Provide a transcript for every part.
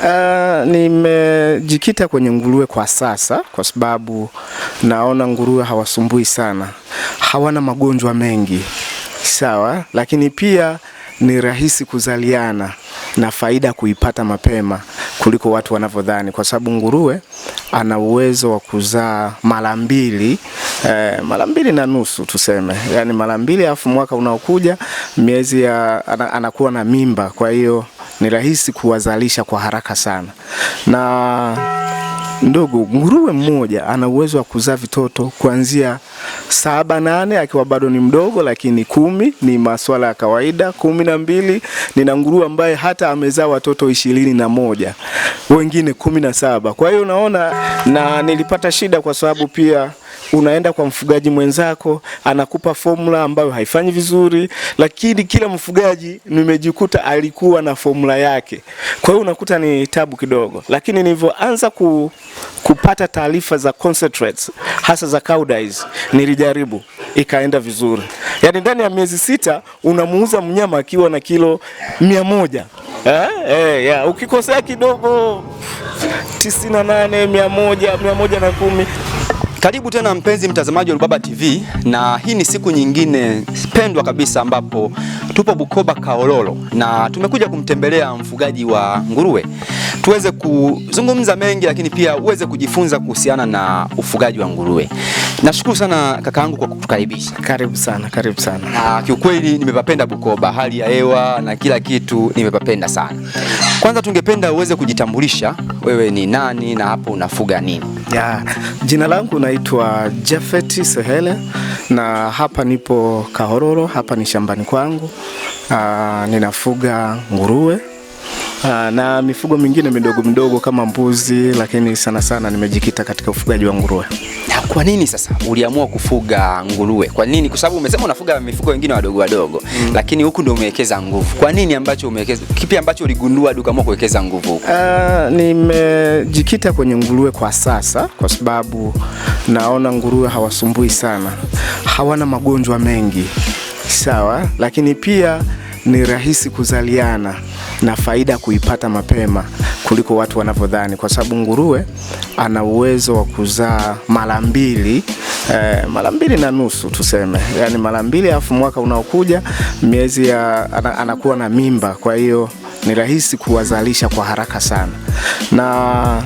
Uh, nimejikita kwenye nguruwe kwa sasa kwa sababu naona nguruwe hawasumbui sana, hawana magonjwa mengi, sawa, lakini pia ni rahisi kuzaliana na faida kuipata mapema kuliko watu wanavyodhani, kwa sababu nguruwe ana uwezo wa kuzaa mara mbili eh, mara mbili na nusu tuseme, yani mara mbili, alafu mwaka unaokuja miezi ya, anakuwa na mimba, kwa hiyo ni rahisi kuwazalisha kwa haraka sana. Na ndugu, nguruwe mmoja ana uwezo wa kuzaa vitoto kuanzia saba nane akiwa bado ni mdogo, lakini kumi ni masuala ya kawaida. Kumi na mbili nina nguruwe ambaye hata amezaa watoto ishirini na moja wengine kumi na saba. Kwa hiyo unaona, na nilipata shida kwa sababu pia unaenda kwa mfugaji mwenzako anakupa formula ambayo haifanyi vizuri, lakini kila mfugaji nimejikuta alikuwa na formula yake. Kwa hiyo unakuta ni tabu kidogo, lakini nilivyoanza ku, kupata taarifa za concentrates hasa za cowdies nilijaribu, ikaenda vizuri. Yaani ndani ya miezi sita unamuuza mnyama akiwa na kilo mia moja. Eh, eh, ya ukikosea kidogo 98 100 110 karibu tena mpenzi mtazamaji wa Rubaba TV, na hii ni siku nyingine pendwa kabisa ambapo tupo Bukoba Kaololo, na tumekuja kumtembelea mfugaji wa nguruwe tuweze kuzungumza mengi, lakini pia uweze kujifunza kuhusiana na ufugaji wa nguruwe. Nashukuru sana kaka yangu kwa kutukaribisha. Karibu sana, karibu sana. Na kiukweli nimepapenda Bukoba, hali ya hewa na kila kitu nimepapenda sana. Kwanza tungependa uweze kujitambulisha, wewe ni nani na hapo unafuga nini? Ya, jina langu naitwa Jafeti Sehele na hapa nipo Kahororo, hapa ni shambani kwangu. Aa, ah, ninafuga nguruwe Ah, na mifugo mingine midogo midogo kama mbuzi, lakini sana sana nimejikita katika ufugaji wa nguruwe. Na kwa nini sasa uliamua kufuga nguruwe? Kwa nini? Kwa sababu umesema unafuga mifugo wengine wadogo wadogo, mm. lakini huku ndio umewekeza nguvu. Kwa nini ambacho umewekeza? Kipi ambacho uligundua hadi ukaamua kuwekeza nguvu huku? Uh, nimejikita kwenye nguruwe kwa sasa kwa sababu naona nguruwe hawasumbui sana, hawana magonjwa mengi, sawa, lakini pia ni rahisi kuzaliana na faida kuipata mapema kuliko watu wanavyodhani, kwa sababu nguruwe ana uwezo wa kuzaa mara mbili eh, mara mbili na nusu tuseme, yani mara mbili, alafu mwaka unaokuja miezi ya anakuwa na mimba, kwa hiyo ni rahisi kuwazalisha kwa haraka sana na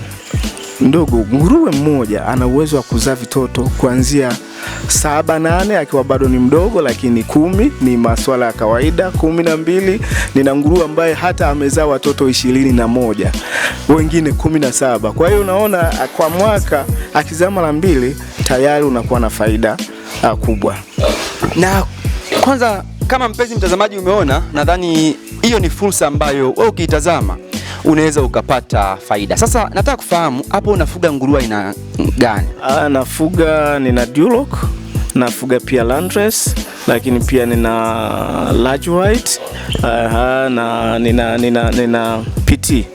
ndugu nguruwe mmoja ana uwezo wa kuzaa vitoto kuanzia saba nane akiwa bado ni mdogo, lakini kumi ni maswala ya kawaida. kumi na mbili nina nguruwe ambaye hata amezaa watoto ishirini na moja wengine kumi na saba. Kwa hiyo unaona ah, kwa mwaka akizaa mara mbili tayari unakuwa na faida ah, kubwa. Na kwanza, kama mpenzi mtazamaji, umeona, nadhani hiyo ni fursa ambayo wewe ukiitazama unaweza ukapata faida. Sasa nataka kufahamu hapo unafuga nguruwe aina gani? Ah, nafuga nina Duloc, nafuga pia Landrace lakini pia nina large white aha, na nina, nina, nina PT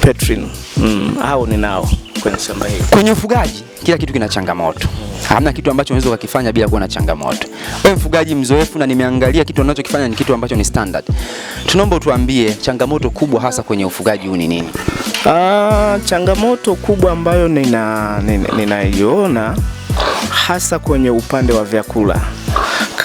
Petrin. Mm, hao ninao kwenye shamba hili. Kwenye ufugaji kila kitu kina changamoto hamna kitu ambacho unaweza ukakifanya bila kuwa na changamoto. Wewe mfugaji mzoefu, na nimeangalia kitu unachokifanya ni kitu ambacho ni standard, tunaomba utuambie changamoto kubwa hasa kwenye ufugaji huu ni nini? Ah, changamoto kubwa ambayo ninaiona nina, nina hasa kwenye upande wa vyakula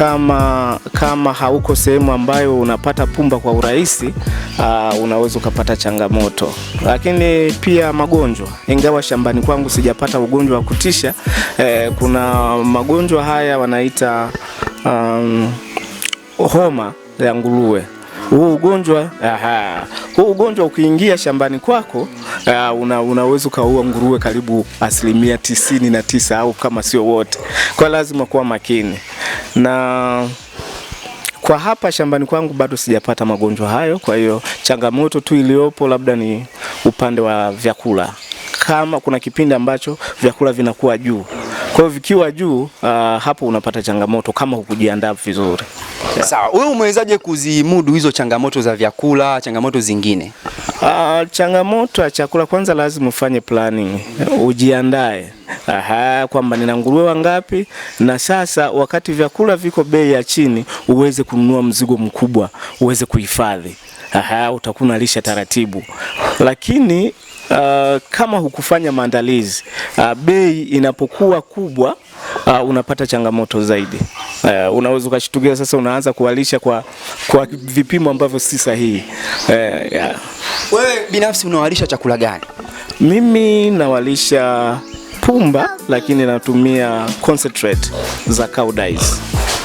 kama, kama hauko sehemu ambayo unapata pumba kwa urahisi uh, unaweza ukapata changamoto, lakini pia magonjwa. Ingawa shambani kwangu sijapata ugonjwa wa kutisha eh, kuna magonjwa haya wanaita um, homa ya nguruwe. Huu ugonjwa aha, huu ugonjwa ukiingia shambani kwako uh, una, unaweza ukaua nguruwe karibu asilimia tisini na tisa au kama sio wote, kwa lazima kuwa makini na kwa hapa shambani kwangu bado sijapata magonjwa hayo. Kwa hiyo changamoto tu iliyopo labda ni upande wa vyakula, kama kuna kipindi ambacho vyakula vinakuwa juu. Kwa hiyo vikiwa juu, uh, hapo unapata changamoto kama hukujiandaa vizuri. Yeah. Sawa, wewe umewezaje kuzimudu hizo changamoto za vyakula, changamoto zingine? Uh, changamoto ya chakula kwanza lazima ufanye planning, ujiandae aha, kwamba nina nguruwe wangapi, na sasa wakati vyakula viko bei ya chini, uweze kununua mzigo mkubwa uweze kuhifadhi. Aha, utakuna lisha taratibu, lakini uh, kama hukufanya maandalizi uh, bei inapokuwa kubwa uh, unapata changamoto zaidi. Uh, unaweza ukashtukia sasa unaanza kuwalisha kwa, kwa vipimo ambavyo si sahihi. Uh, eh, yeah. Wewe binafsi unawalisha chakula gani? Mimi nawalisha pumba, lakini natumia concentrate za cow dyes.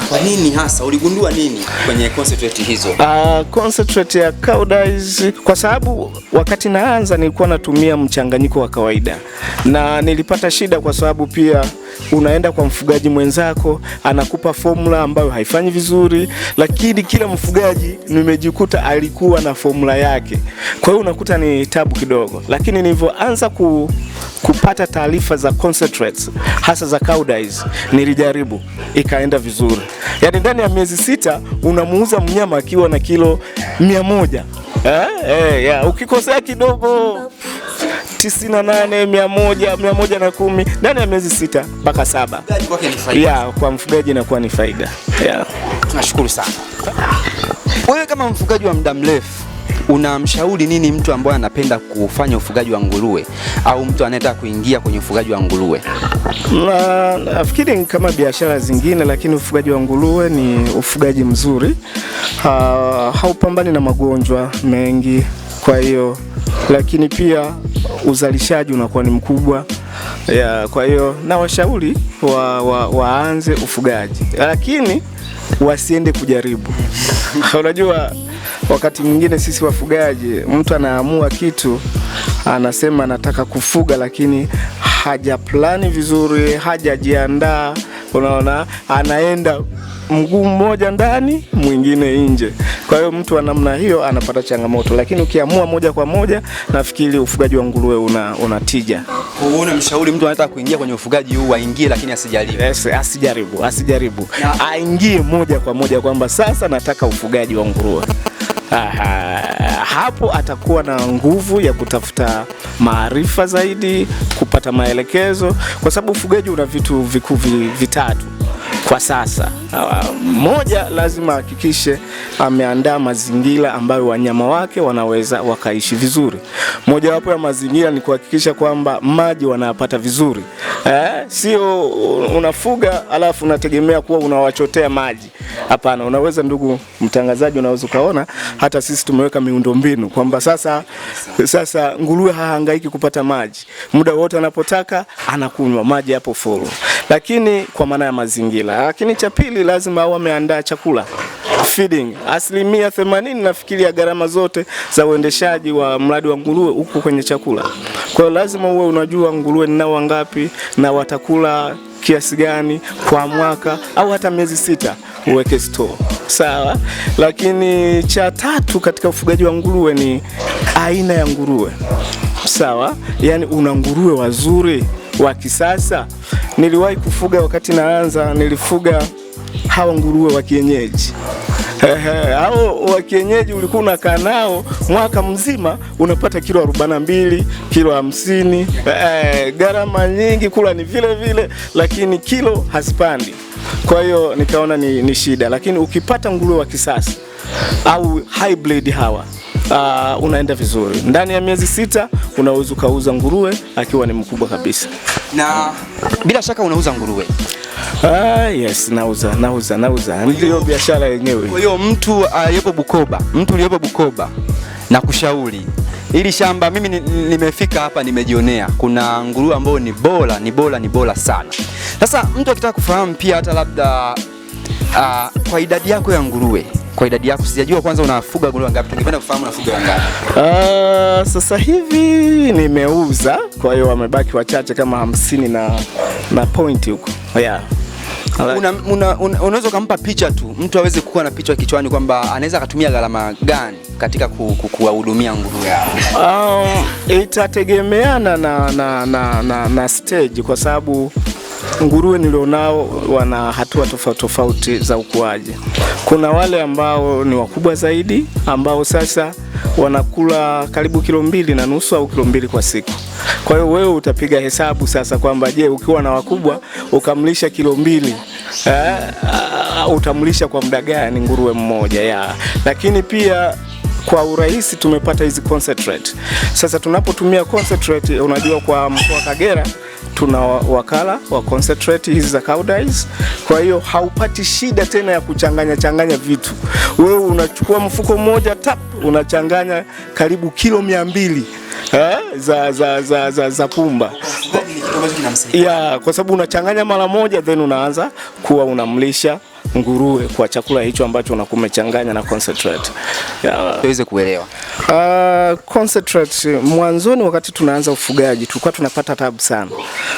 Kwa nini hasa uligundua nini kwenye concentrate hizo? Uh, concentrate ya Koudijs kwa sababu wakati naanza nilikuwa natumia mchanganyiko wa kawaida na nilipata shida kwa sababu pia unaenda kwa mfugaji mwenzako anakupa formula ambayo haifanyi vizuri, lakini kila mfugaji nimejikuta alikuwa na formula yake, kwa hiyo unakuta ni tabu kidogo. Lakini nilivyoanza ku, kupata taarifa za concentrates hasa za Koudijs nilijaribu, ikaenda vizuri. Yaani ndani ya miezi sita unamuuza mnyama akiwa na kilo mia moja. Eh, eh, ya ukikosea kidogo tisini na nane, mia moja, mia moja na kumi ndani ya miezi sita mpaka saba. Ya, kwa mfugaji inakuwa ni faida. Ya. Tunashukuru sana. Wewe kama mfugaji wa muda mrefu unamshauri nini mtu ambaye anapenda kufanya ufugaji wa nguruwe au mtu anayetaka kuingia kwenye ufugaji wa nguruwe? Na nafikiri kama biashara zingine, lakini ufugaji wa nguruwe ni ufugaji mzuri, haupambani na magonjwa mengi, kwa hiyo lakini pia uzalishaji unakuwa ni mkubwa ya, kwa hiyo na washauri wa, wa, waanze ufugaji lakini wasiende kujaribu unajua wakati mwingine sisi wafugaji, mtu anaamua kitu, anasema anataka kufuga, lakini hajaplani vizuri, hajajiandaa. Unaona, anaenda mguu mmoja ndani mwingine nje. Kwa hiyo mtu wa namna hiyo anapata changamoto, lakini ukiamua moja kwa moja, nafikiri ufugaji wa nguruwe una, una tija. Uone mshauri mtu anataka kuingia kwenye ufugaji huu aingie, lakini asijaribu. Yes, asijaribu, asijaribu, aingie moja kwa moja kwamba sasa nataka ufugaji wa nguruwe. Aha, hapo atakuwa na nguvu ya kutafuta maarifa zaidi, kupata maelekezo, kwa sababu ufugaji una vitu vikuu vitatu kwa sasa. Ah, moja, lazima ahakikishe ameandaa mazingira ambayo wanyama wake wanaweza wakaishi vizuri. Mojawapo ya mazingira ni kuhakikisha kwamba maji wanayapata vizuri eh, sio unafuga alafu unategemea kuwa unawachotea maji Hapana, unaweza ndugu mtangazaji, unaweza ukaona hata sisi tumeweka miundombinu kwamba sasa sasa nguruwe hahangaiki kupata maji, muda wote anapotaka anakunywa maji, hapo full, lakini kwa maana ya mazingira. Lakini cha pili, lazima au ameandaa chakula feeding asilimia themanini nafikiri ya gharama zote za uendeshaji wa mradi wa nguruwe huko kwenye chakula. Kwa hiyo lazima uwe unajua nguruwe ninao wangapi na watakula kiasi gani kwa mwaka au hata miezi sita uweke store sawa. Lakini cha tatu katika ufugaji wa nguruwe ni aina ya nguruwe sawa, yani una nguruwe wazuri wa kisasa. Niliwahi kufuga wakati naanza, nilifuga hawa nguruwe wa kienyeji au wa kienyeji ulikuwa unakaa nao mwaka mzima unapata kilo 42, kilo 50, eh, gharama nyingi, kula ni vile vile, lakini kilo hazipandi. Kwa hiyo nikaona ni, ni shida, lakini ukipata nguruwe wa kisasa au hybrid hawa Uh, unaenda vizuri ndani ya miezi sita unaweza ukauza nguruwe akiwa ni mkubwa kabisa, na bila shaka unauza nguruwe Ah, yes, nauza nauza nauza, ndio biashara yenyewe. Kwa hiyo mtu aliyepo ah, uh, Bukoba, mtu aliyepo Bukoba na kushauri ili shamba mimi nimefika hapa nimejionea, kuna nguruwe ambayo ni bora ni bora ni bora sana. Sasa mtu akitaka kufahamu pia hata labda uh, kwa idadi yako ya nguruwe kwa idadi yako? Sijajua kwanza unafuga nguruwe ngapi, tungependa kufahamu unafuga wangapi? Uh, ah, sasa hivi nimeuza, kwa hiyo wamebaki wachache kama hamsini na, na point huko yeah. Unaweza una, una, ukampa picha tu mtu aweze kuwa na picha kichwani kwamba anaweza akatumia gharama gani katika kuwahudumia nguruwe? Um, ah, itategemeana na, na, na, na, na stage kwa sababu nguruwe nilionao wana hatua tofauti tofauti za ukuaji. Kuna wale ambao ni wakubwa zaidi ambao sasa wanakula karibu kilo mbili na nusu au kilo mbili kwa siku. Kwa hiyo wewe utapiga hesabu sasa kwamba je, ukiwa na wakubwa ukamlisha kilo mbili eh, utamlisha kwa muda gani nguruwe mmoja ya. Lakini pia kwa urahisi tumepata hizi concentrate. Sasa tunapotumia concentrate, unajua kwa mkoa Kagera tuna wakala wa concentrate hizi za dyes. Kwa hiyo haupati shida tena ya kuchanganya changanya vitu. Wewe unachukua mfuko mmoja tap, unachanganya karibu kilo mia mbili Ha? Za, za, za, za, za pumba ya, kwa sababu unachanganya mara moja then unaanza kuwa unamlisha nguruwe kwa chakula hicho ambacho unakumechanganya na concentrate. Tuweze kuelewa. Uh, concentrate mwanzoni, wakati tunaanza ufugaji, tulikuwa tunapata tabu sana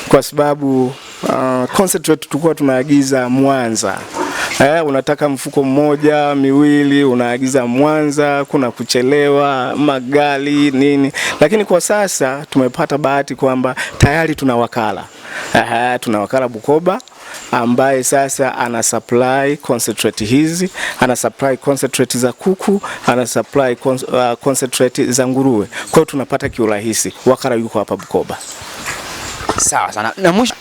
kwa sababu uh, concentrate tulikuwa tunaagiza Mwanza. Eh, unataka mfuko mmoja miwili, unaagiza Mwanza, kuna kuchelewa magari nini, lakini kwa sasa tumepata bahati kwamba tayari tuna wakala. Aha, tuna wakala Bukoba ambaye sasa ana supply concentrate hizi, ana supply concentrate za kuku, ana supply uh, concentrate za nguruwe. Kwa hiyo tunapata kiurahisi. Wakala yuko hapa Bukoba. Sawa sana. Na mwisho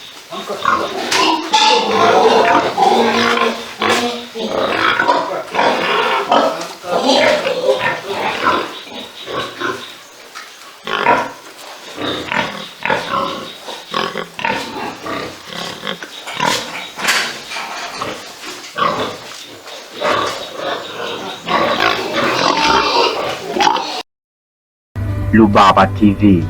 Baba TV.